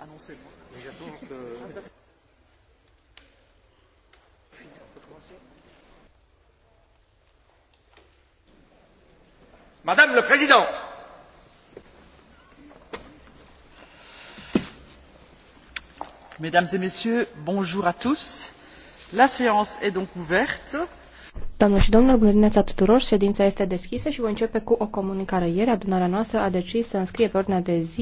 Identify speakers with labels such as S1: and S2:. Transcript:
S1: annoncez moi. Mais j'attends que. Ah,
S2: Madame le Président.
S3: Mesdames et messieurs, bonjour à tous.
S4: La séance est donc ouverte.
S5: Doamnelor și domnilor, bună dimineața tuturor! Ședința este deschisă și voi începe cu o comunicare. Ieri, adunarea noastră a decis să înscrie pe ordinea de zi